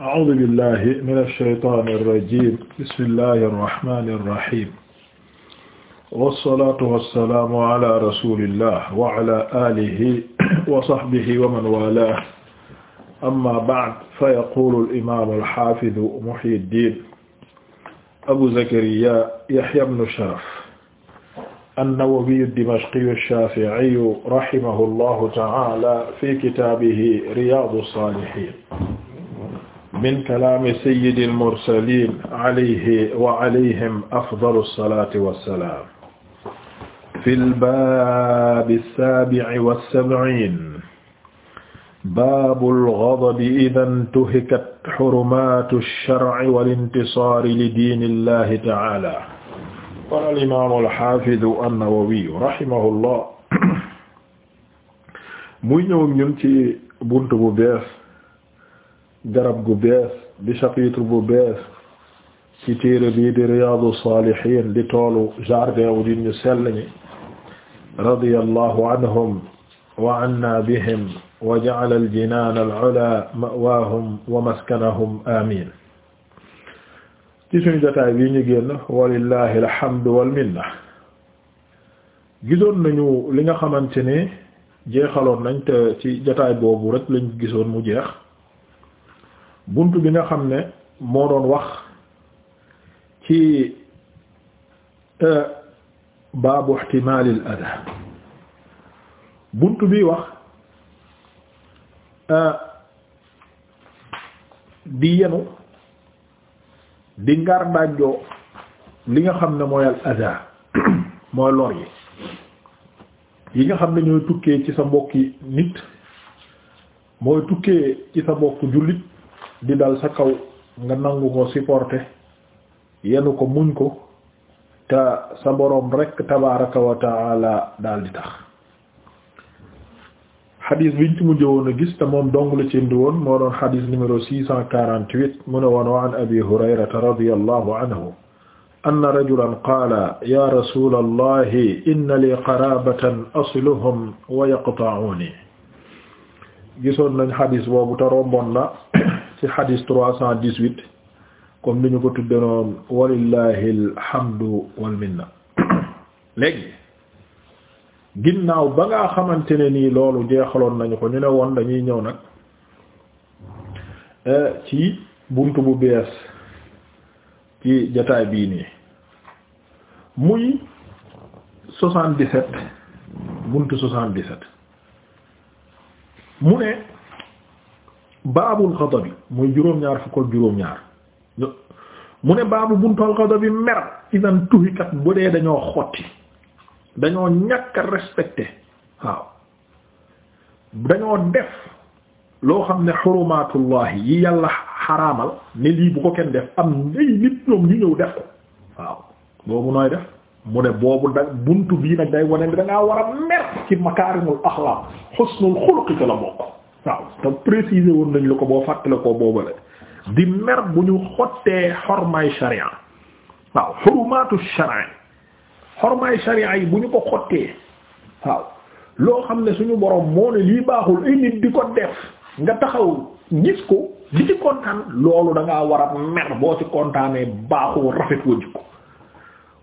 أعوذ بالله من الشيطان الرجيم بسم الله الرحمن الرحيم والصلاة والسلام على رسول الله وعلى آله وصحبه ومن والاه أما بعد فيقول الإمام الحافظ محي الدين أبو زكريا يحيى بن شرف النووي الدمشقي الشافعي رحمه الله تعالى في كتابه رياض الصالحين min kalaami sayyidil mursaliin alayhi wa alayhim afdalu salaati wa salaam. fil baabi saabi'i wa sab'iin baabul ghadabi idaa intuhikat xurumaatu shar'i wal intisaari li diinillaahi ta'aalaa. qaala al-imaamul haafidu an-nawawiyyu rahimahullaah. muy ñëw ñun ci buntu bu bees. garab gu bees di chapitre bu bees ci téere bii di Riyâdou Sâlihîne di toolu jardin wu di ñu sell ñi radiyallahu anhum wa anna bihim wa ja'ala al-jinaan al-'ulaa ma'waahum wa maskanahum amiin ci suñu jotaay bii ñu génn walillahi alhamdu wal minna gisoon li nga xamante ne jeexaloon nañ te ci jotaay boobu rek lañ gisoon mu jeex bunt bi nga xam ne moo doon wax ci euh, baabu ihtimalil adha bunt bi wax euh, di yenu di ngar dàjjoo li nga xam ne mooy al adha lor yi yi nga xam ne ñooy tukkee ci sa mbokki nit mooy tukkee ci sa mbokk jullit di dal sa kaw nga nangu ko supporter yenu ko muñ ko te sa boroom rekk tabaraka wa taala daal tax xadis biñ ci mujj woon a gis te moom dong la ci cent quarante-huit mu ne woon wa an abi hurayrata anhu anna rajulan qaala ya rasula inna li qarabatan asiluhum wa yaqta'uni gisoon nañ xadis boobu te romboon ci xadis trois cent dix-huit comme ni ñu ko tudde noonu walillahi alhamdu wal léegi ginnaaw ba nga xamante ne nii loolu jeexaloon nañu ko ñu ne woon dañuy ñëw nag eh, ci buntu bu bees ci jataay bii nii muy soixante-dix-sept buntu soixante-dix-sept mu ne baabul xadabi muy juróom-ñaar fukk ak juróom-ñaar mu ne baabu buntal xadabi mer idan tuhikat bu dee dañoo xotti dañoo ñàkk a respecté waaw dañoo def loo xam ne xurumaatullahi yi yàlla xaraamal ni lii bu ko kenn def am nay nit ñoom ñu ñëw def ko waaw boobu nooy def mu ne boobu da bunt bii nag day wane ne war a mer ci makaarimul axlaaq xusnul xuluqi la bokk waaw te préciser woon nañ la ko boo fàttale ko boobale di mer bu ñu xottee xormaay sharia waaw xurumaatu sharia xormaay sharia yi bu ñu ko xottee waaw loo xam ne suñu borom moo ne lii baaxul ay di ko def nga taxaw gis ko di ci kontaan loolu da war a mer boo ci kontaanee baaxul rafet wa jikko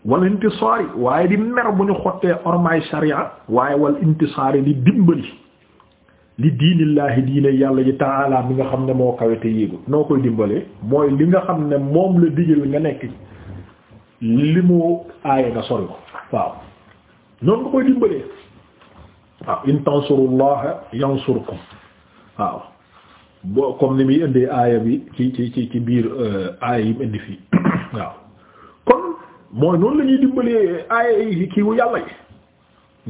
wal intisaari waaye di mer bu ñu xottee xormaay sharia waaye wal intisaari di dimbali li diinillaahi diine yàlla ji ta'ala mi nga xam ne moo kawe te yéegu noo koy dimbalee mooy li nga xam ne moom la digal nga nekk li mu aaye nga sori ko waaw noonu nga koy dimbalee waaw in tansurullaha yansurkum waaw boo comme ni muy indee aaya bi ci ci ci ci biir euh, aaya yi mu indi fii waaw kon mooy noonu la dimbalee aaya yi kii wu yàlla yi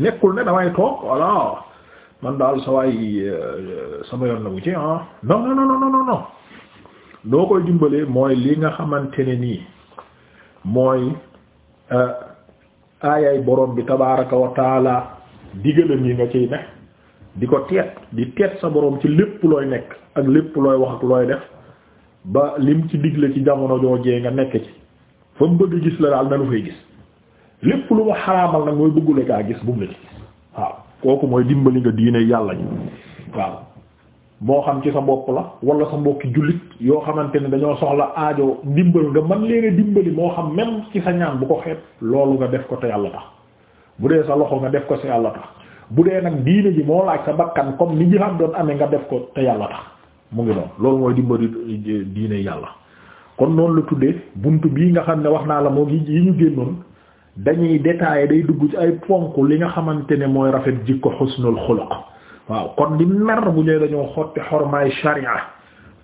nekkul ne damay toog voilà man daal sa waay euh, sama yoon nagu ci ah non non non non non non loo koy dimbalee mooy li nga xamante ne nii mooy euh, aayay borom bi tabaaraka wa taala digalam yi nga ciy ne di ko teet di teet sa borom ci lépp looy nekk ak lépp looy wax ak looy def ba lim ci digle ci jamono joojee nga nekk ci fa mu bëgg gis la daal na lu fay gis lépp lu ma xaraamal nag mooy bëggule kaa gis bu mu la ci gis kooku mooy dimbali nga diine yàlla ji waaw moo xam ci sa bopp la wala sa mbokki jullit yoo xamante ne dañoo soxla aajo dimbal nga man leen a dimbali moo xam même ci sa ñaan bu ko xeet loolu nga def ko te yàlla tax bu dee sa loxo nga def ko te yàlla tax bu dee nag diine ji moo laaj sa bakkan comme ni jihaad doon amee nga def ko te yàlla tax mu ngi noonu loolu mooy dimbali diine yàlla kon noonu la tuddee bunt bii nga xam ne wax naa la moo gi yi ñu génnoon dañuy détailler day dugg ci ay ponk li nga xamante ne mooy rafet jikko xusnul xuluq waaw kon di mer bu ñëwee dañoo xotti xormaay sharia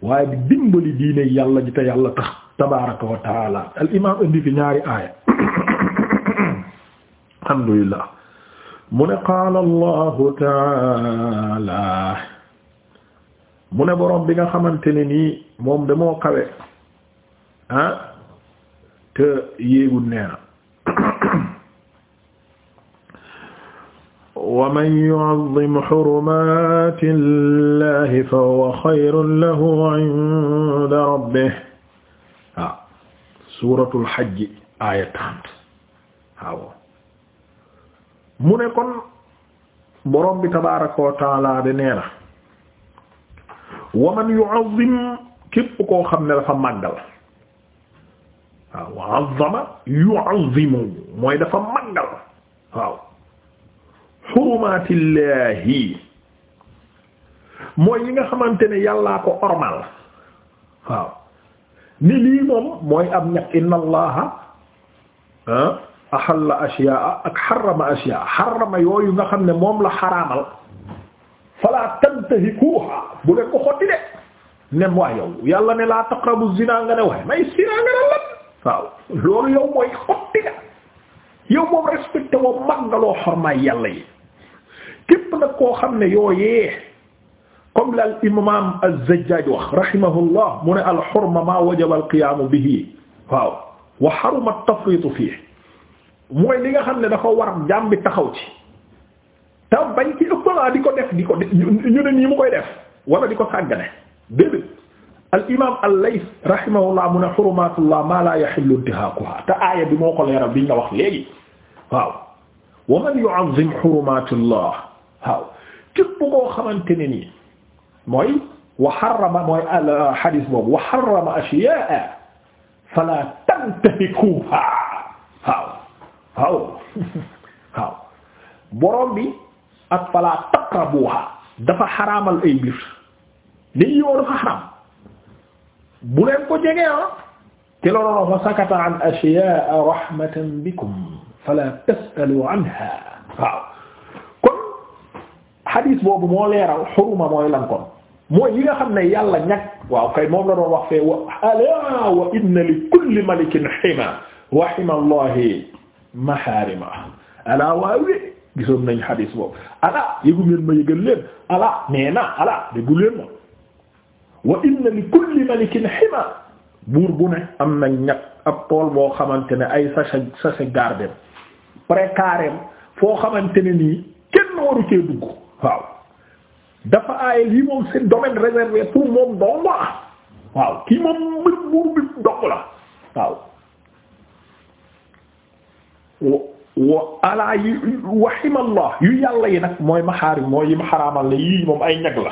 waaye di dimbali diine yàlla ji te yàlla tax tabaraka wa taala al indi fi ñaari aaya alhamdulillah mu ne qaala allahu taala mu ne boroom bi nga xamante ne nii moom damoo kawe ah? te yéegul nee na wa man yu'azzim hurumaati llahi fa huwa xayrun lahu 'inda rabbih waaw suuratul hajj aaya trente ah, waaw mu ne kon borom bi tabaaraka wa ta'aala de nee na wa man yu'azzim képp koo xam ne dafa màggal waaw ah, wa 'azzama yu'azzimu mooy dafa màggal waaw xurumaatillaahi mooy yi nga xamante ne yàllaa ko ormal waaw ni lii moom mooy ab ñaq inna allaha ah, ahalla ashyaa ak xarama ashyaa xarama yooyu nga xam ne moom la xaraamal fala tantahikuha bu leen ko xotti de nem waa yow yàlla ne laa taqrabu zina nga ne waaye may sina nga ne lan waaw loolu yow xotti nga yow moom respecté woo loo xormaay yàlla yi képp nag koo xam ne yooyee comme la al imam az-Zajjaj wax rahimahullah mu ne al hurma ma wajaba al qiyaamu bihi waaw wa haruma at-tafritu fihi mooy li nga xam ne dafa war jaam bi taxaw ci te bañ ci ëppalaa di ko def di ko ñu ne nii mu koy def wala di ko sàggane déedéet al imam al-Layth rahimahullah mu ne hurumatullah ma la yahillu intihaakuha te aaya bi moo ko leeral biñ la wax léegi waaw wa man yu'azzim hurumatullah waaw képp koo xamante ne nii mooy wa harrama mooy al hadis boobu wa harrama ashya'a fala tantahikuha waaw waaw waaw borom bi ak fala taqrabuha dafa xaraamal ay mbir li yow dafa xaraam bu leen ko jegee ah te loolu la fa sakata an ashya'a rahmatan bikum fala tas'alu anha waaw xadiis boobu moo leeral xuruma mooy lan kon mooy yi nga xam ne yàlla ñag waaw kay moom la doon wax fee wa ala wa inna li kulli malikin xima wa xima allahi maharima ala waawe gisoon nañ xadiis boobu ala yëgu ngeen ma yëgal leen ala nee na ala déggu leen ma wa inna li kulli malikin xima buur bu ne am na ñag ab tool boo xamante ne ay sachet sachet gardem précaire foo xamante ne nii kenn waru cee dugg waaw dafa aaye lii moom seen domaine réservé moom dong la waaw kii moom mbir bi dong waaw wa alaa yu yàlla yi nag mooy maxaarim mooy yi ma xaraamal ne yii moom ay ñag la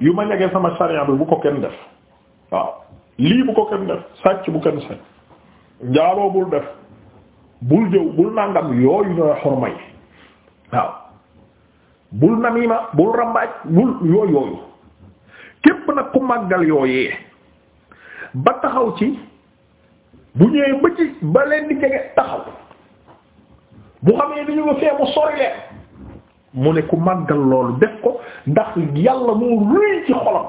yu ma ñagee sama sariya bi bu ko kenn def lii bu ko kenn def sàcc bu kenn sàcc njaaloo bul def bul jëw bul nàngam yooyu ñooy xorma yi bul namima bul rambaaj bul yooyu yooyu képp nag ku màggal yooyee ba taxaw ci bu ñëwee ba ci ba leen di jege taxaw bu xamee ni ñu nga fee mu sori leen mu ne ku màggal loolu def ko ndax yàlla moo rëy ci xolam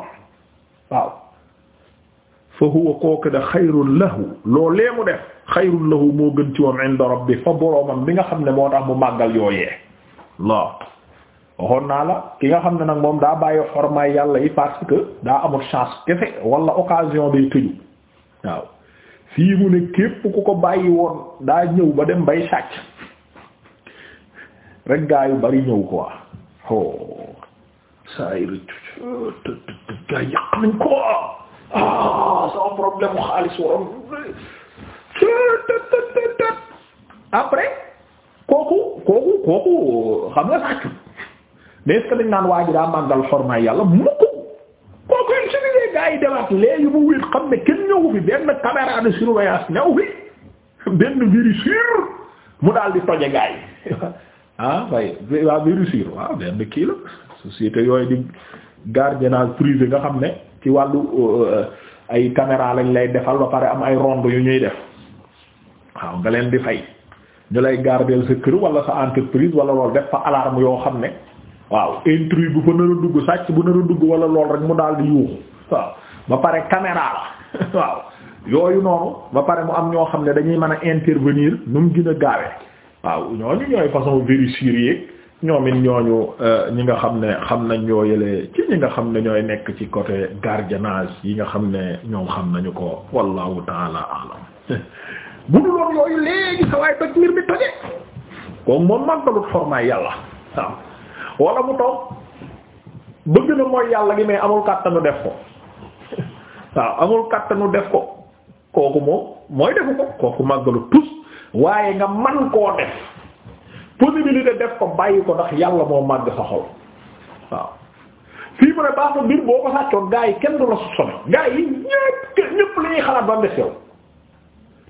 waaw fa huwa kooku da xayrun lahu loolee mu def xayrun lahu moo gën ci wam inda rabbi fa boroomam bi nga xam ne moo tax mu màggal yooyee waaw waxoon naa la ki nga xam ne nag moom daa bàyyi xormaay yàlla yi parce que daa amul chance kese wala occasion day tëju waaw fii mu ne képp ku ko bàyyi woon daa ñëw ba dem bay sàcc rek gaa yu bari ñëw quoi oh saa yu gaa yàq nañ ko ah après kooku kooku kooku xam nga sàccu mais est-ce naan waa ji daa màggal xormaay yàlla mukk kooku yëpp su ñu nee gaa yi demaat léegi mu wéet xam ne kenn ñëwu fi benn caméra de surveillance ñëw fi benn virusure mu daal di toje gaa yi ah waaye waa waaw benn kii la société yooyu di gardiennage privé nga xam ne ci wàllu euh, ay caméra lañ lay defal la pare am ay ronde yu ñuy def waaw nga leen di fay ñu lay gardeel sa kër wala sa entreprise wala loolu def fa alarme yoo xam ne. waaw intrus bu ko nar a dugg sàcc bu nar a dugg wala lool rek mu daal di yuuxu waaw ba pare caméra la waaw yooyu noonu ba pare mu am ñoo xam ne dañuy mën a intervenir nu mu gën a gaawee waaw ñooñu ñooy façon vérifier yeeg ñoom it ñooñu euh, ñi nga xam ne xam nañ ñoo yëlee ci ñi nga xam ne ñooy nekk ci côté gardiennage yi nga xam ne ñoom xam nañu ko wallahu taala alam bu dul yooyu léegi sa waay toj mbir mi toje kon moom màggalut xormaay yàlla waaw wala mu toog bëgg na mooy yàlla gi mais amul kàttanu def ko waaw amul kàttanu def ko kooku moom mooy defu ko kooku màggalu tus waaye nga man koo def possibilité def ko bàyyi ko ndax yàlla moo màgg sa xol waaw fii mu ne baax na mbir boo ko sàccoon gaa kenn du la soupçonné gaa yi ñépp ñépp la xalaat ba mu yow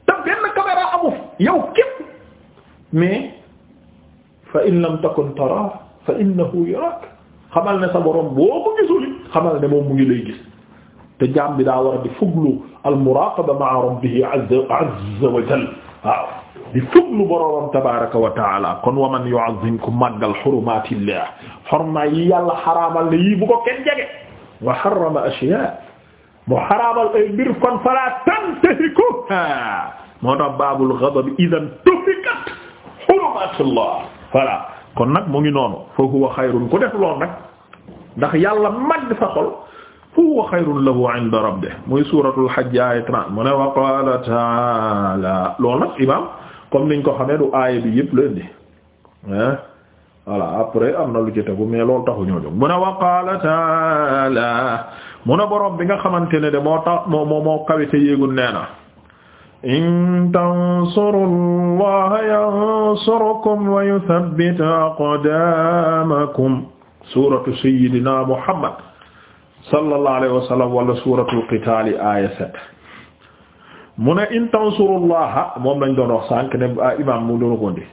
te benn caméra amuf yow képp mais fa in lam takun tara fa innahu yarak xamal ne sa borom boo ko gisul xamal ne moom mu ngi lay gis te jaam bi daa war a di fuglu al muraqaba ma'a rabbihi azza wa jalla waaw di fuglu boroomam tabaraka wa taala kon wa man yu'azzim ku màggal xurumatillah xormaa yi yàlla xaraamal ne yii bu ko kenn jege wa harrama ashya mu xaraamal ay mbir kon fala tantahikuha moo tax baabul ghadab idan tufikat xurumatillah voilà kon nag mu ngi noonu fa huwa xayrun ku def lool nag ndax yàlla màgg sa xol fa huwa xayrun lahu inda rabbih muy suratul hajj ay 30 mu ne wa qaala taala loolu nag imam comme niñ ko xamee du aaya bi yëpp leen di hein voilà après am na lu ci tegu mais loolu taxu ñoo jóg mu ne wa qaala taala mu ne borom bi nga xamante ne de moo tax moo moo moo kawite yéegul nee na in tansuru allaha yansurukum wa yuthabbit aqdamakum suratu sayidina muhammad sallallahu alayhi wa sallam wala suratu qitaali aya sept mu ne in tansurullaha moom lañ doon wax sànq ne ah, imam mu doon ko ndi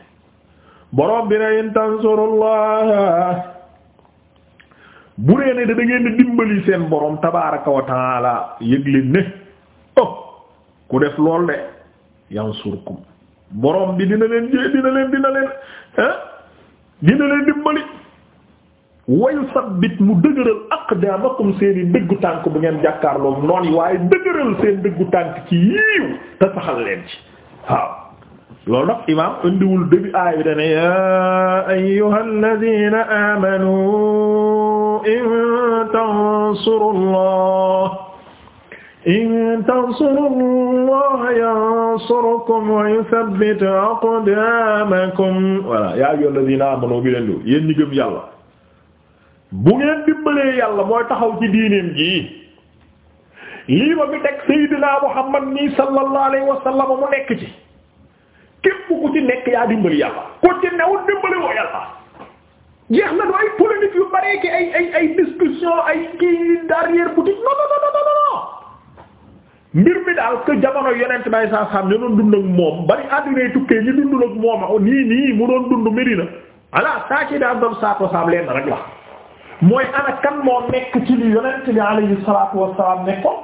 borom bi ne in tansurullaha bu dee ne da ngeen di dimbali seen borom tabaraka wa taala yëg leen ne ku def lool de yansurkum borom bi dina leen jé dina leen dina leen ah dina leen dimbali wayu sabbit mu dëgëral aqdamakum seen i dëggu tànk bu ngeen jàkkaarloo noon yi waaye dëgëral seen dëggu tànk ci yiiw te saxal leen ci waaw loolu nag imaam indiwul début aay bi dane ya ayyuhal ladina amanu in tansuru allah in tansurullaha yansurkum wa yuthabbit aqdamakum voilà yaa ayyuha alladhina amanu bi leen di yéen ñi yàlla bu ngeen dimbalee yàlla mooy taxaw ci diineem ji lii ma fi teg Seydina Muhammad nii sallallahu alayhi wa mu nekk ci képp ku ci nekk yaa dimbali yàlla ku ci newul dimbali woo yàlla jeex na du ay polémique yu bare ay ay discussion ay kii derrière boutique non non non mbir mi daal que jamono yonent bay saa saam ñu doon dund ak moom bari àddunay tukkee ñu dundul ak moom nii nii mu doon dund Medina ala saa ci daan doon saako saam leen rek la mooy ana kan moo nekk ci li yonent bi alayhi salaatu wassalaam nekkoon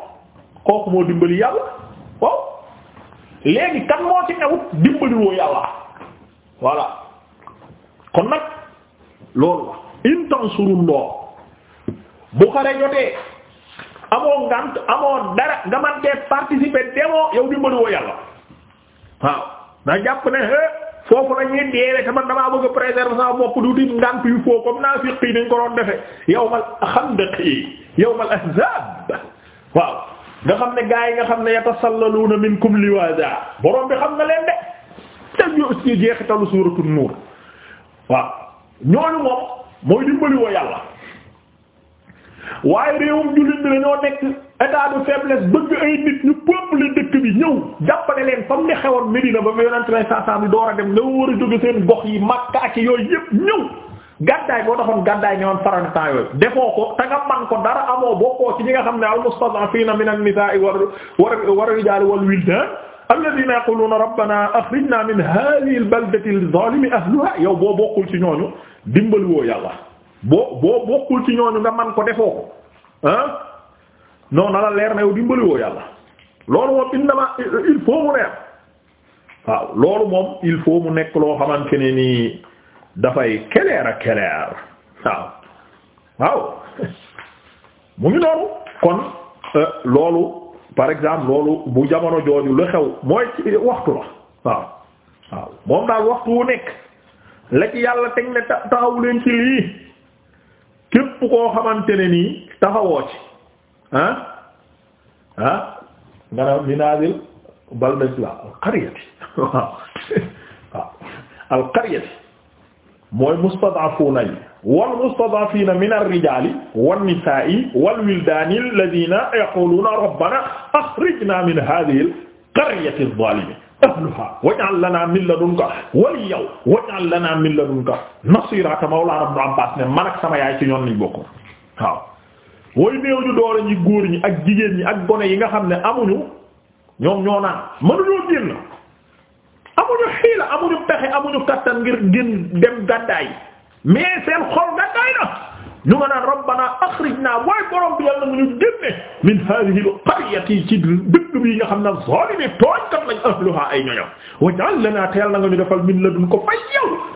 kooku moo dimbali yàlla waaw léegi kan kon nag loolu la in tansurullah bu xare jotee amoo ngant amoo dara nga man tee participer demoo yow dimbali woo yàlla waaw ndax jàpp ne hë foofu la ñuy deewee te man damaa bëgg préserver sama bopp du di ngant yu foo comme naa fiq yi dañ ko doon defe yawmal yow ma ahzab waaw nga xam ne gaa yi nga xam ne yatasallaluna minkum liwaza borom bi xam na leen de te ñu aussi jeexitalu suuratul nuur waaw ñooñu moom mooy dimbali woo yàlla waaye réewum jullit bi dañoo nekk état de faiblesse bëgg ay nit ñu peuple dëkk bi ñëw jàppale leen comme ni xewoon Medina ba fa yonent lay saasaam bi door a dem nga war a jóge seen gox yi Makka ak yooyu yépp ñëw gàddaay boo taxoon gàddaay ñëwoon faranta yooyu defoo ko te nga man ko dara amoo bokkoo ci ñi nga xam ne al-mustad'afina min an-nisaa war war rijaal wal wildaan alladhina yaquluna rabbana akhrijna min hadhihi al-baldati al-zalimi ahluha yow boo bokkul ci ñooñu dimbali woo yàlla boo boo bokkul ci ñooñu nga man ko defoo ko ah non la leer na yow dimbaliwoo yàlla loolu moom innama il faut mu loolu moom il faut mu nekk loo xamante ne nii dafay keleer ak keleer waaw waaw mu ngi noonu kon euh, loolu par exemple loolu bu jamono jooju lu xew mooy ci waxtu la waaw waaw moom daal waxtu wu nekk la ci yàlla teg ne taxawu leen ci lii képp koo xamante ne nii taxawoo ci ah ah nga ne minaazil baldat la al qaryati waaw waaw al qaryati mooy mustad'afuna yi wal mustad'afina min ar-rijali wan nisa'i wal wildani alladhina yaquluna rabbana akhrijna min hadhihi al qaryati adh-dhalimi ahluha waj'al lana min ladunka waliyyan waj'al lana min ladunka nasira ta mawlana Ibn Abbas ne man ak sama yaay ci ñoon lañ bokkoon waaw way néew ñu doole ñi góor ñi ak jigéen ñi ak gone yi nga xam ne amuñu ñoom ñoo naan mënuñoo génn amuñu xiila amuñu pexe amuñu kattan ngir génn dem gàddaay mais seen xol gàddaay na ñu nga naan rabbana akhrijna waay borom bi yàlla mu ñu génne min hadhihi al-qaryati ci dëkk bi nga xam ne zalimi tooñkat lañ ahluha ay ñoñom waj'al lana teel na nga ñu defal min ladun ko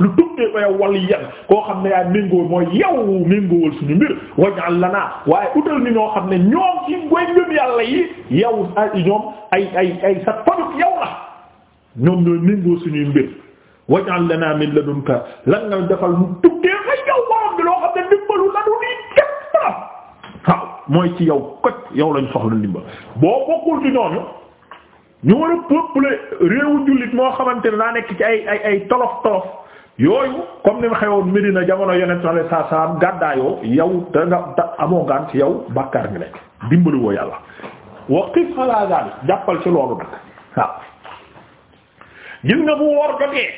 lu tukkee ko yow koo xam ne yaa méngóol mooy yow méngóol suñu mbir waj'al lana waaye utal ni ñoo xam ne ñoom ci ngoy ngëm yàlla yi yow ñoom ay ay ay sa tojug yow la ñoom ñooy méngóol suñuy mbir waj'al lana min ladunka lan defal mu tukkee mooy ci yow koj yow lañ soxla ndimbal boo bokkul ci ñooñu ñu war a peuple réewu jullit moo xamante ne daa nekk ci ay ay ay tolof tolof yooyu comme ni mu xewoon Medina jamono yeneen sallallahu alayhi wasallam gàddaayoo yow te nga te amoo gaan ci yow bàkkaar ngi nekk dimbali woo yàlla waqif ala zalik jàppal ci loolu nag waaw gis nga bu woor jotee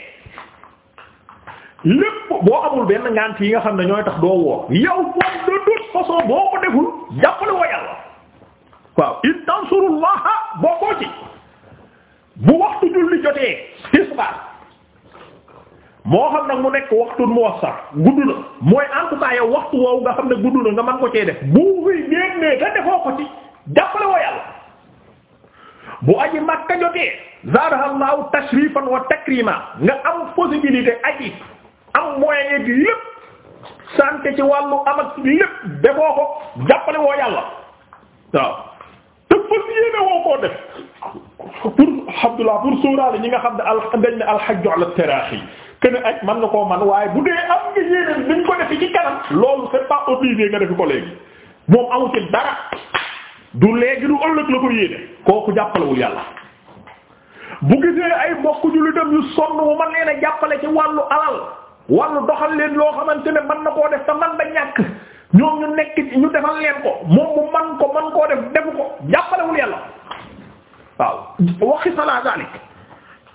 lépp boo amul benn ngànt yi nga xam ne ñooy tax doo woor yow moom de toute façon boo ko deful jàppale woo yàlla waaw in tansurullaha boo ci bu waxtu julli jotee tisbaar moo xam nag mu nekk waxtu mu wax sax gudd na mooy en waxtu woowu nga xam ne gudd na nga mën ko cee def bu fi génnee te defoo ko ci jàppale woo yàlla bu aji Makka jotee zaadahallahu tashrifan wa takrima nga am possibilité aji am moyen yeeg lépp santé ci wàllu am lépp defoo ko jàppalewoo woo yàlla waaw te fas yéene woo koo def pour Abdullah pour sóoraale ñi nga xam ne al dañ ne alxajju ala taraaxi kenn aj man nga koo man waaye bu dee am nga yéene dañ ko defi ci kanam loolu c'est pas obligé nga defi ko léegi moom amu ci dara du léegi du ëllëg la ko yéene kooku jàppalewul yàlla bu gisee ay mbokk jullitam yu sonn mu man leen a jàppale ci wàllu alal wala doxal leen loo xamante ne man na koo def te man da ñàkk ñoom ñu nekk ñu defal leen ko moom mu man ko man koo def defu ko jàppalewul yàlla waaw waxi sala zalik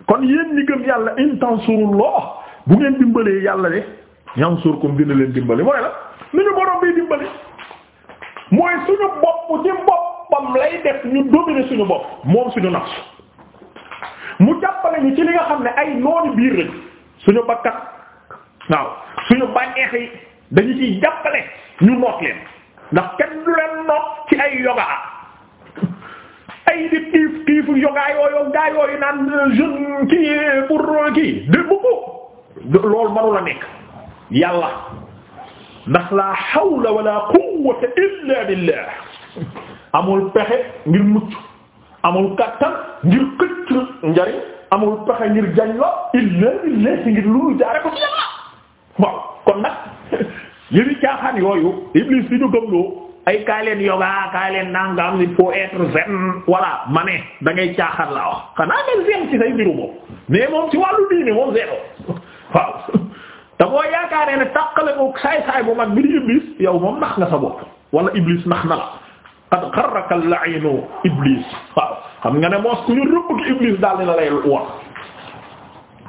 kon yéen ñi gëm yàlla in tansurullah bu ngeen dimbalee yàlla de yansurkum dina leen dimbali mooy la nu ñu borom bi dimbali mooy suñu bopp ci boppam lay def ñu dominer suñu bopp moom suñu nafs mu jàppale ñu ci li nga xam ne ay noonu biir lañ suñu bakkat waaw suñu bànneex yi dañu ciy jàppale ñu noot leen ndax kenn du leen noot ci ay yoga ay di tiif tiifu yoga yooyu gaa yooyu naan jeune kii pour kii de beaucoup loolu manu la nekk yàlla ndax la hawla wala quwwata illa billah amul pexe ngir mucc amul kattan ngir këcc njariñ amul pexe ngir jañ la illa billah ngir lu jaare ko waaw kon nag yëri caaxaan yooyu iblis di ñu gëmloo ay kaay yoga kaay leen nangam il faut être zen voilà ma ne da la caaxaan laa wax xanaa nga zen say mbiru moom mais moom ci wàllu diine moom zeno waaw boo yaakaaree ne tàqale ko saay-saay bu mag bi di iblis yow moom nax nga sa bopp wala iblis nax na la qad gharraka al-la'inu iblis waaw xam nga ne moos ku ñu rëbb ki iblis daal dina lay wax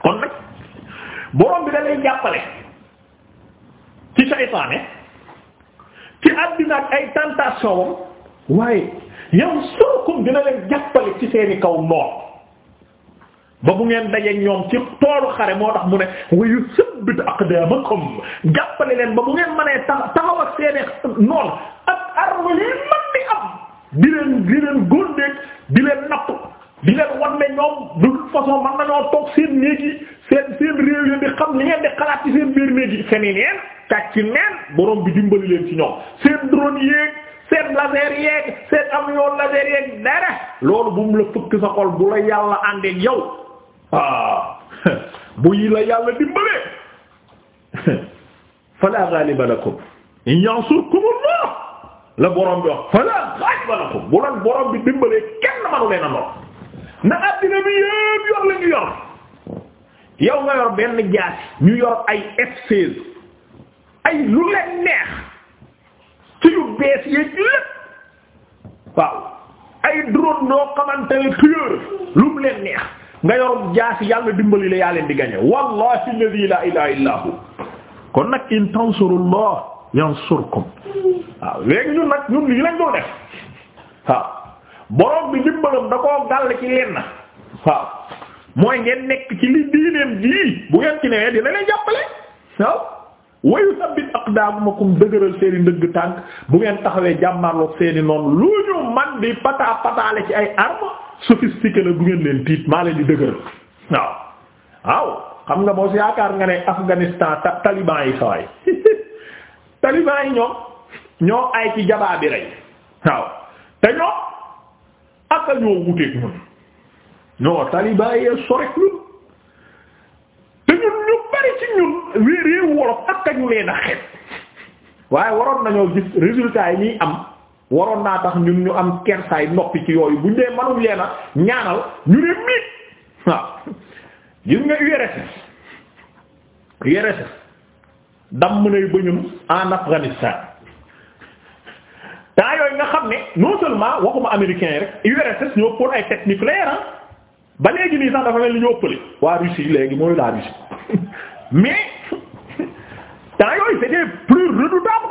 kon nag borom bi da lay ci saytaane ci àddina ay tentation waaye yow surkum dina leen jàppale ci seeni kaw noor ba bu ngeen dajeek ñoom ci toolu xare moo tax mu ne wa yusabbit aqdamakum jàppale leen ba bu ngeen manee tax taxaw ak seeni noon ak arme yi man di am di leen di leen góndeeg di leen napp di leen wan ne ñoom de toute façon man nañoo toog seen néeg seen seen réew yi di xam li ngeen di xalaat ci seen biir néeg yi neen tàcc neen borom bi dimbali leen ci ñoom seen drone yeeg seen laser seen avion laser yeeg loolu bu mu la fëkk sa xol bu la yàlla àndeek yow ah. bu yi la yàlla dimbalee fala ghaliba lakum in yansurkumullah la borom bi wax fala ghaliba lakum bu leen borom bi dimbalee kenn manu leen a na addina bi yëpp yor la ñu yor yow nga yor benn jaas ñu yor ay F16 ay lu leen neex ci yu bees yeeg lépp waaw ay drone noo xamante ne tueur lu mu leen neex nga yor jaas yàlla dimbali la yaa leen di gagné wallahi alladhi la ilaha illa hu kon nag in tansurullah yansurkum waaw léegi ñun nag ñun lii lañ doon def waaw. borom bi dimbalam da koo gàll ci leen na waaw mooy ngeen nekk ci li diineem jii bu ngeen ci newee dina leen jàppale waaw wayu sabbit aqdaamukum dëgëral seeni ndëgg tànk bu ngeen taxawee jàmmarloog seeni noonu lu ñu man di pataa pataale ci ay armes sophistiquées la bu ngeen leen tiit maa leen di dëgëral waaw waaw xam nga boos yaakaar nga ne Afghanistan taliban yi saway taliban yi ñoom ñoo ay ci jabaa bi rey waaw te ñoom ak a ñoo wuteeg ñun non taliban yi sorek ñun te ñun ñu bari ci ñun wii réewu wolof ak ñu leen xet waaye waroon nañoo gis résultat yi ñuy am waroon naa tax ñun ñu am kersaay noppi ci yooyu buñ dee manum leen a ñaanal ñu ne miit waaw nga URSS URSS dam mën ay bëñum en Afghanistan temps yooyu nga xam ne non seulement waxuma américain yi rek URSS ñoo pour ay technique nucléaire ah. ba léegi nii sax dafa mel ni ñoo pële waa Russie léegi mooy la Russie mais temps yooyu c'était plus redoutable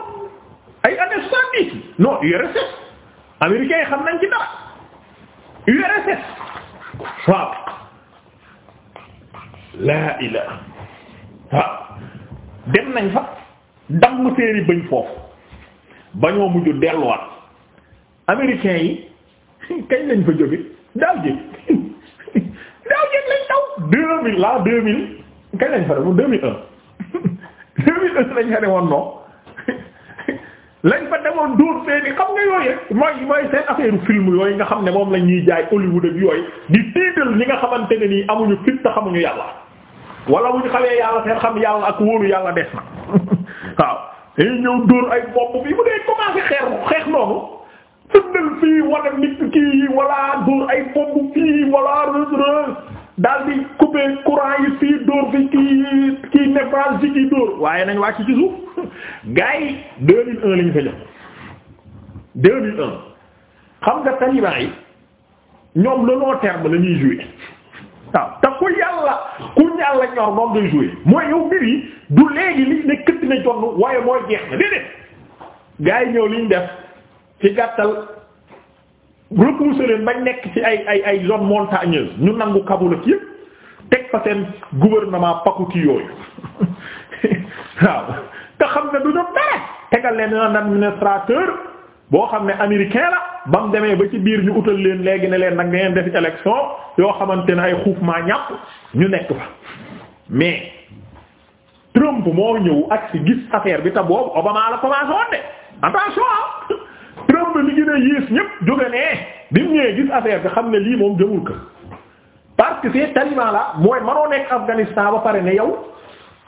ay années soixante-dix non URSS américain xam nañ ci dara URSS waaw laa ilaa waaw dem nañ fa dam seeni bëñ foofu bañoo mujj delluwaat américain yi kañ lañ fa jóge daaw jëg daaw jëg lañ taw deux mille la deux mil kañ lañ fa demoon deux mille un deux mille un lañ fa demoon non lañ fa demoon dóor seeni xam nga yooyu rek mooy mooy seen affaire film yooyu nga xam ne moom la ñuy jaay Hollywood ak di tiital ñi nga xamante ne nii amuñu fit te xamuñu yàlla wala bu ñu xamee yàlla seen xam yàlla ak wóolu yàlla des na waaw ay ñëw dóor ay bopp bi bu dee commencé xeex xeex noonu tëndal fii wala nit kii wala dóor ay bopp fii wala rëdd daal di coupé courant yi fii dóor fi kii kii néphrage si kii dóor waaye nañ wàcc ci suuf gars yi 2001 lañu fa jox 2001 xam nga taliban yi ñoom le long terme la ñuy waaw te ku yàlla ku yàlla ñor noonu ngay joué mooy yow mbir yi du léegi liñ ne këtt na jonn waaye mooy jeex na déedéet gars yi ñëw liñ def ci gàttal repoussé leen bañ nekk ci ay ay ay zone montagneuse ñu nangu Kaboul ak yëpp teg fa seen gouvernement pakuti yooyu waaw te xam ne du ñu dara tegal leen un administrateur boo xam ne américain la ba mu demee ba ci biir ñu utal leen léegi ne leen nag ngeen def élection yoo xamante ne ay xuuf maa ñàpp ñu nekk fa mais Trump moo ñëw ak ci gis affaire bi te boobu Obama la commencé woon li gën ñëpp jóge nee mu ñëwee affaire bi xam ne lii moom jëmul kër parce que c'est tellement là mooy manoo nekk ba pare ne yow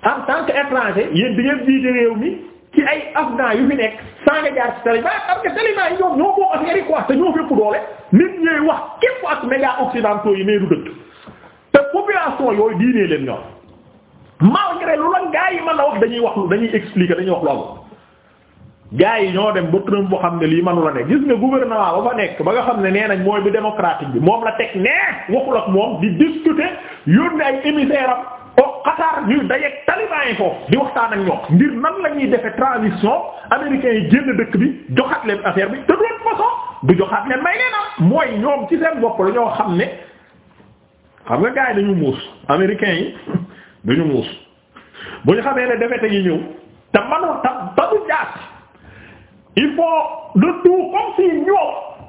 en tant que étranger yéen di ngeen réew mi. ci ay afghans yu fi nekk saa nga jaar ci taliban parce que taliban yi ñoom ñoo bokk affaire yi quoi te ñoo fépp doole nit ñooy wax képp ak méga occidentaux yi nee du te population yooyu diinee leen ñoom malgré lu la gaa yi mën a wax dañuy wax lu dañuy expliquer dañuy wax lu am gars yi ñoo dem ba Trump boo xam ne lii manu la ne gis nga gouvernement ba fa nekk ba nga xam ne nee nañ mooy bi démocratique bi moom la teg nee waxul ak moom di discuter yónni ay émissaire am au Qatar ñuy dajeeg taliban yi foofu di waxtaan ak ñoom ngir nan la ñuy defee transition américains yi génn dëkk bi joxaat leen affaire bi te doon façon du joxaat leen may nee ah. mooy ñoom ci seen bopp la ñoo xam ne xam nga gars yi dañu muus américains yi dañu muus bu ñu xamee ne defete ñëw te manu il faut de tout comme si ñoom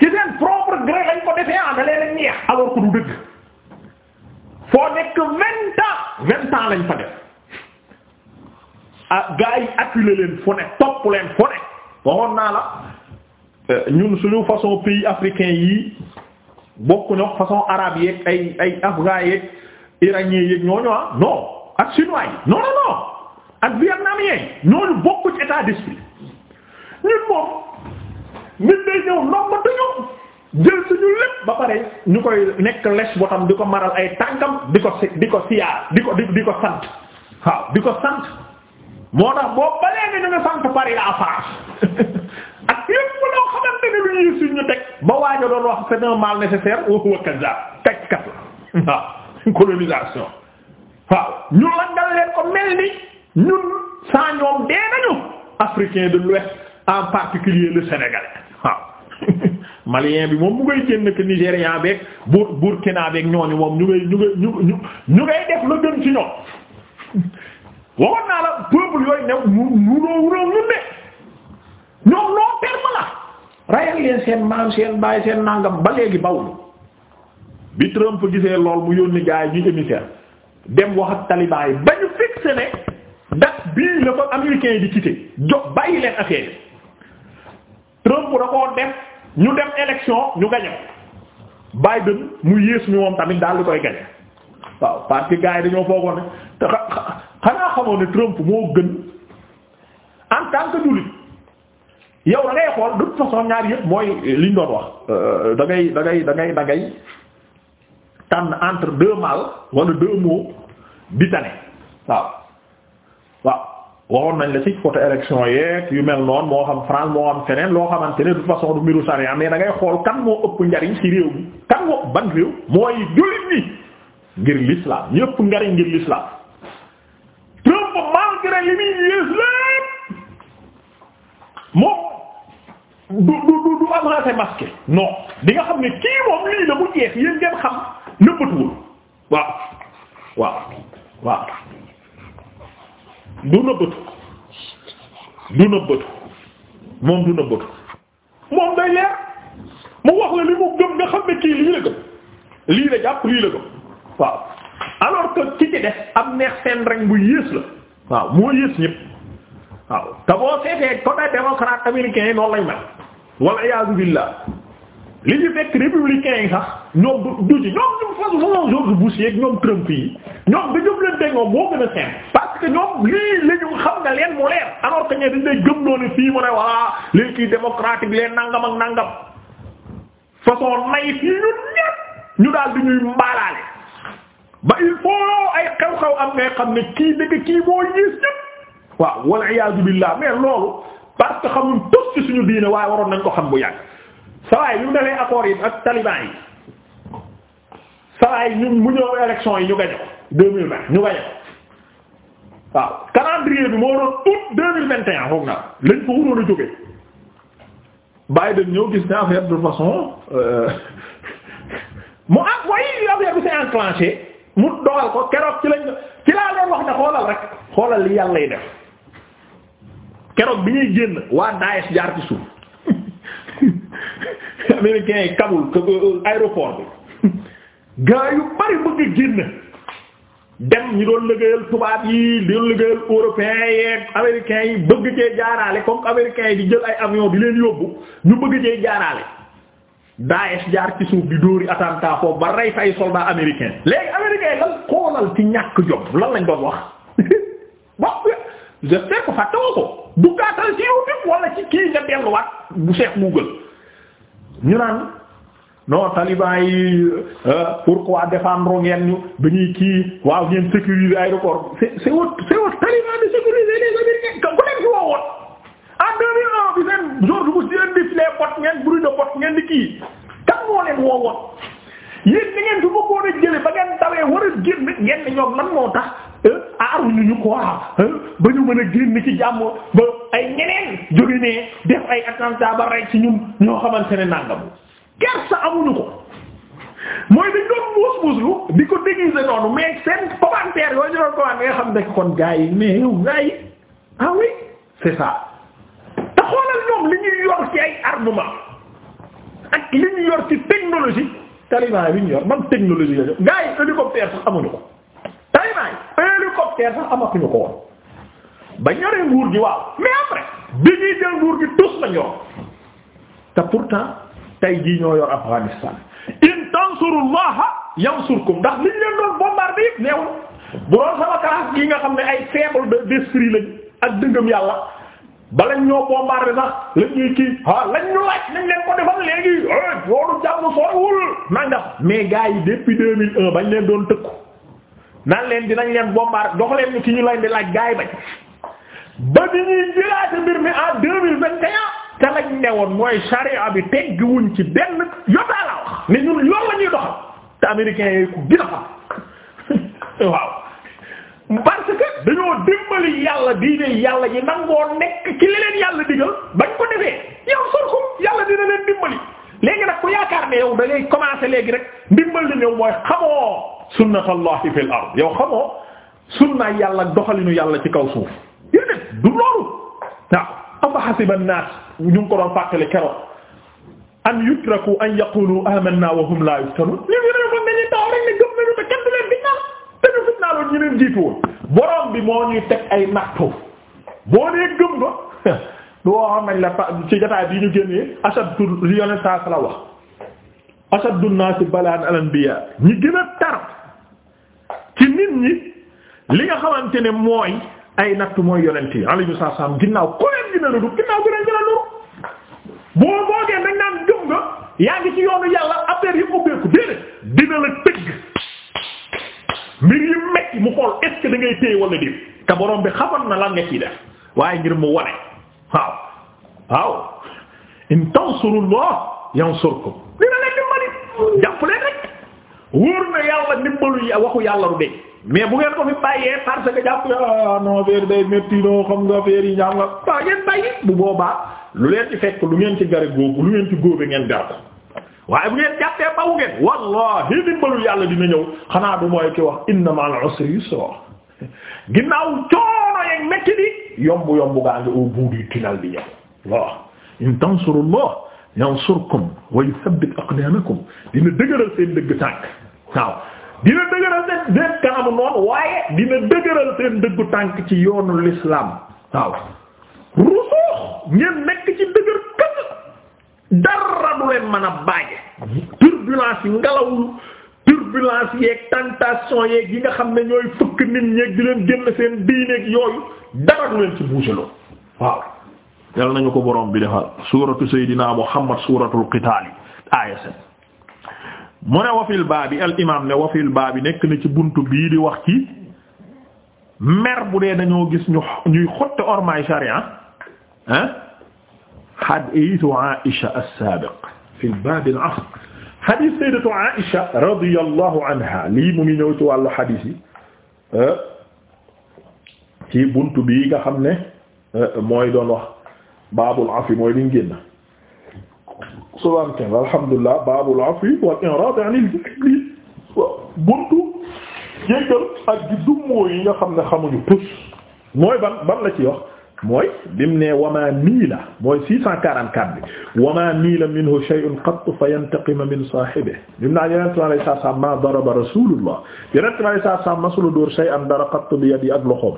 ci seen propre gré lañ ko defee ah da leen neex alors que du dëgg foo nekk vingt ans vingt ans lañ fa def ah gars yi acculé leen fu ne topp leen fu waxoon naa la euh, ñun suñu façon pays africain yi bokkuñu façon arabe yeeg ay ay afghans yeeg iranien yeeg ñooñu ah non ak chinois non non non ak vietnamien ñooñu bokku état d'esprit nit moom nit day ñëw ndox ma duñu jël suñu lépp ba pare ñu koy nekk les botam di ko maral ay tànkam di ko di ko siyaar di ko di ko sant waaw di ko sant moo tax boo balee ni ñu sant Paris la France ak yépp loo xamante ne lu nécessaire waaw waaw ñu langal leen ko mel ni ñun saa ñoom dee nañu africain de l'ouest en particulier le sénégalais waaw malien bi moom mu ngay génn que nigérian beeg Bur Burkina beeg ñooñu moom ñu ngay ñu ngay ñu ñu ngay def la gën ci ñoom waxoon naa la peuple yooyu new mu munoo wurow ñun de ñoom loo terme la rayal leen seen maam seen baay seen nangam ba léegi bawlu bi Trump gisee lool mu yónni gaay ñu émissaire dem wax ak taliban yi ba ñu fixé ne date bii la fa américain yi di quitté jox bàyyi leen affaire Trump da koo def ñu dem élection ñu gañe Biden mu yées ñu moom tamit daal di koy gañe waaw parce que yi dañoo foogoon ne te xanaa xamoon ne Trump moo gën en tant que jullit yow da ngay xool de façon ñaar yëpp mooy liñ doon wax euh, da ngay da ngay da tànn entre deux mâles wala deux mots di waaw waaw waxoon nañ la ci côté élection yeeg yu mel noonu moo xam France moo xam feneen loo xamante ne de façon du mbiru sariya mais da ngay xool kan moo ëpp njariñ ci réew mi kan moo ban réew mooy jullit ñi ngir l'islam ñëpp njariñ ngir l'islam Trump malgré li muy l'islam moom du du du avancé masqué non di nga xam ne kii moom lii la bu jeex yéen ngeen xam nëppatuwul waaw waaw waaw du nëbbatu du nëbbatu moom du nëbbatu moom day leer mu wax la li mu gëm nga xam ne kii lii la gëm lii la jàpp lii la gëm waaw alors que ki ci def am neex seen rek bu yées la waaw moo yées ñëpp waaw te boo seetee côté démocrate américain yi noonu lañ mel wal iyaazu billah li ñu fekk républicain yi sax ñoom du du ci ñoom ñoom façon George Bush yeeg ñoom Trump ñoom nga jëm leen teg ñoom gën a seen parce que ñoom lii la ñu xam nga leen mu leer alors que ñee dañ lay kii démocratique leen nangam ak nangam façon ñu daal di mbaalaale ba il faut ay xew-xew am ngay xam ne kii dëgg kii moo gis ñëpp waaw wal iyaadu billah mais loolu parce que xamuñ tos ci suñu diine waaye waroon nañ ko xam bu yàgg saa waay ñu ne accords yi ak taliban yi. saa yi ñun mu ñëw élection yi ñu gañe ko deux mille vingt ñu gañe ko waaw calendrier bi moo doon août deux mille vingt et un foog naa lañ ko waroon a jógee Biden ñëw gis ne affaire de façon euh, mu ak ah, way affaire bi s'est enclenché mu dogal ko keroog ci lañ ci laa wax ne xoolal rek xoolal li yàlla yi def keroog bi ñuy génn waa Daesh jaar ci suuf américain yi Kaboul aéroport bi gaa yu bari bëgg a génn dem ñi doon liggéeyal tubaab yi di doon liggéeyal européens yeeg américains yi bëgg cee jaaraale comme américains yi di jël ay avion di leen yóbbu ñu bëgg cee jaaraale Daesh jaar ci suuf di dóori attentat foofu ba rey fay soldats américains léegi américains yi lan ci ñàkk jom lan lañ doon wax ba j'espère que fàttewoo ko du gàttal ci YouTube wala ci kii nga delluwaat bu seet Google ñu naan non taliban yi euh, pourquoi défendre ngeen ñu dañuy kii waaw ngeen sécuriser aéroport c'est c'est votre c'est votre taliban de sécuriser les Américains ku nekk di leen défilé pot ngeen bruit leen woo woon yéen ni a jële war a génn ngeen ni ñoom lan moo tax euh, aaruñu ñu quoi euh, ba ñu mën a génn ci jàmm ba ay ñeneen jóge ne def ay attentat ba rey ci ñun ñoo xamante ne nangamu. kersa amuñu ko mooy dañ doon muus muuslu di ko déguiser noonu mais seen commentaire yooyu ñu doon commentaire nga xam ne kon gars yi mais gars yi a ah oui c'est ça te xoolal ñoom li ñuy yor ci ay ak li ñu yor ci technologie taliban yi ñu yor man technologie la ñu gars yi hélicoptère amuñu ko taliban yi hélicoptère sax amatuñu ko woon ba ñoree nguur gi waaw mais après bi ñuy jël nguur gi tous la ñor te pourtant. tey jii ñoo yor Afghanistan in tansurullaha yansurkum ndax liñ leen doon bombardé yëpp neewul bu doon sama classe gi nga xam ne ay faible de d'esprit lañ ak dëngam yàlla balañ ñoo bombardé sax lañ ñuy kii ah lañ ñu laaj nañ leen ko defal léegi eh, loolu jàmm soriwul nangam mais gars yi depuis 2001 bañ leen doon tëkku naan leen dinañ leen bombardé dox leen ñu ñu lañ di laaj gars yi bañ ba di ñuy jëlaat mbir mi en 2021 te lañ ne woon mooy charia bi teggi wuñ ci benn yotaa la wax ne ñun loolu la doxal te américains yooyu ku gën a xam waaw parce que dañoo dimbali yàlla diine yàlla ji nangoo nekk ci li leen yàlla digal bañ ko defee yow sor ko yàlla dina leen dimbali léegi nag ku yaakaar ne yow da ngay léegi rek ndimbal li ñëw mooy xamoo sunnatallahi fil ard yow xamoo sunna yàlla doxalinu yàlla ci kaw suuf yéen du loolu waaw afa hasiba an-nas ñu ngi ko doon an yutraku an yaqulu amanna wa hum la yuftanun li ñu ne moom dañuy taxaw rek ne gëm nañu te ay nattu boo dee gëm nga loo xam nañ ci jotaay bi ñu génnee ashaddu li yonent saa sala wax bala'an al-anbiya ñi gën a ci nit ñi li nga xamante ne mooy. ay natt mooy yonent yi alayhi salaam ginnaaw ko dina lu dul ginnaaw gën a gën a lu boo boogee dañ naan yaa ngi ci yoonu yàlla affaire yi ubbeeku déedéet dina la tëgg mbir yi metti mu xool est ce que da ngay te borom bi xamoon na lan nga def waaye ngir mu wane waaw waaw in tansurullah yansurkum dina leen dimbali jàpp leen rek wóor na yàlla dimbalu waxu yàlla du dee. mais bu ngeen ko fi bàyyee parce que jàpp nga ah, non affaire day noo xam nga affaire yi ñaam nga waaw ngeen bàyyi bu boobaa lu leen ci fekk lu ngeen ci gare góobu lu ngeen ci góobe ngeen gar ko waaye bu ngeen jàppee bawu ngeen wallahi dimbalul yàlla dina ñëw xanaa du mooy ki wax inna ma'al usri yusra ginnaaw coono yeeg métti di yombu yombu gaa ngi dina dëgëral seen dëgg tànk waaw dina dëgëral seen seen kanamu noonu waaye dina dëgëral seen dëggu tànk ci yoonu l'islam waaw rusoox ngeen nekk ci dëgër këgg dara du leen mën a baaje turbulence yi ngelawul turbulence yeeg tentation yeeg yi nga xam ne ñooy fëkk nit ñeeg di leen génn seen diineeg yooyu dara du leen ci buuseloo waaw yal nañu ko boroom bi defal suuratu seydinaa muhammad suuratul qitaal aaya mu ne wafil baabi al imaam ne wafil baabi nekk na ci buntu bii di wax ci mer bu dee dañoo gis ñu ñuy xotte ormaay sharia ah hadithu Aisha as-sabiq fil baabi al-axir hadith sayyidatu Aisha radiyallahu anha lii mu ngi ñëw ci wàllu hadith euh, ci buntu bii nga xam ne euh, mooy doon wax baabul afi mooy liñ génn soixante-quinze alhamdulilah baabul afwi wal i'raad anil jaahiliin buntu jéggal ak di dummoo yi nga xam ne xamuñu tus mooy ban ban la ci wax mooy lim ne wama miila mooy six cent quarante-quatre bi wama miila minhu shay'un qattu fa min saahibihi lim naa yenent mi alei sat u selam ma daraba rasulullah yenent mi alei sat u selam masula dóor shay'an dara qattu bi yadi ak loxoom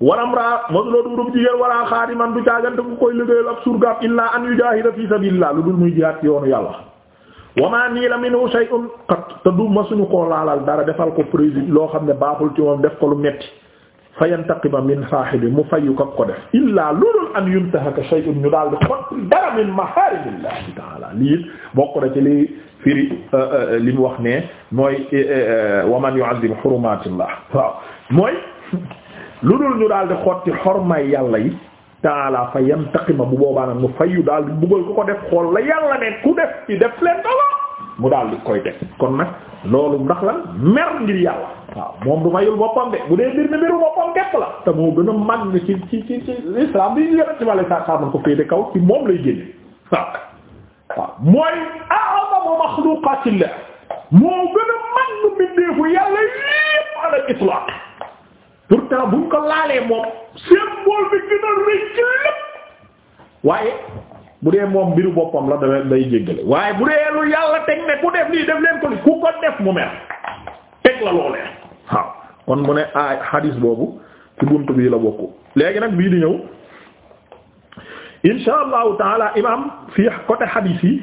waram raa mosuloo duurum jigéen wala xaadiman du caagante ku koy liggéeyal ak surgaab illaa an yujaahida fi sabilillah lu dul muy jihaad ci yoonu yàlla wamaa nii la minhu shay'un qat te du ma suñu koo laalal dara defal ko président loo xam ne baaxul ci moom def ko lu metti fa yantaqima min saahibi mu fayu ko ko def illaa lu dul an yuntahaka shay'un ñu daal di xott dara min maharimillahi taala lii bokk na ci li firi euh, euh, li mu wax ne mooy euh, waman yu'azzim hurumatillah waaw mooy lu dul ñu daal di xotti xormaay yàlla yi taala fa yantaqima bu boobaa mu fayyu daal di buggal ku ko def xool la yàlla ne ku def ci def leen dolo mu daal koy teg kon nag loolu ndax lan mer ngir yàlla waaw moom du mayul boppam de bu dee mbir mbiru boppam kepp la te moo gën a mag ko féete kaw ci moom lay génne waaw waaw mooy a'zamu makhluqatillah moo gën a mag mbindeefu yàlla yépp ala itlaq pourtant bu ñu ko laalee moom symbole bi gën a rëcc waaye bu dee moom mbiru boppam la da day jéggale waaye bu dee lu yàlla teg ne ku def lii def leen ko li ku ko def mu mer teg la loolee waaw kon mu ne aay hadis boobu ci buntu bii la bokku léegi nag bii di ñëw insha allahu taala imam fii côté hadis yi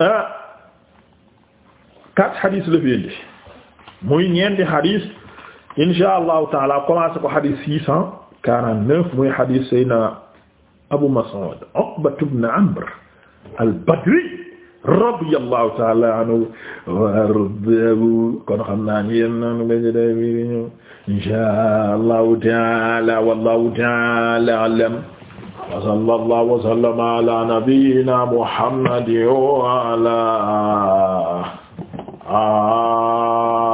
ah, quatre hadis la fi indi muy ñeenti hadis insha allahu taala commencé ko xadis six cent quarante neuf muy xadis sayna Abu Mas'ud Uqba ibn Amr al-Badri radiyallahu taala anhu wardahu kon xam naa ñu yem naanu béjëday bi di ñëw insha allahu taala wallahu taala a'lam wa sallallahu wa sallama ala nabiyyina Muhammadin wa ala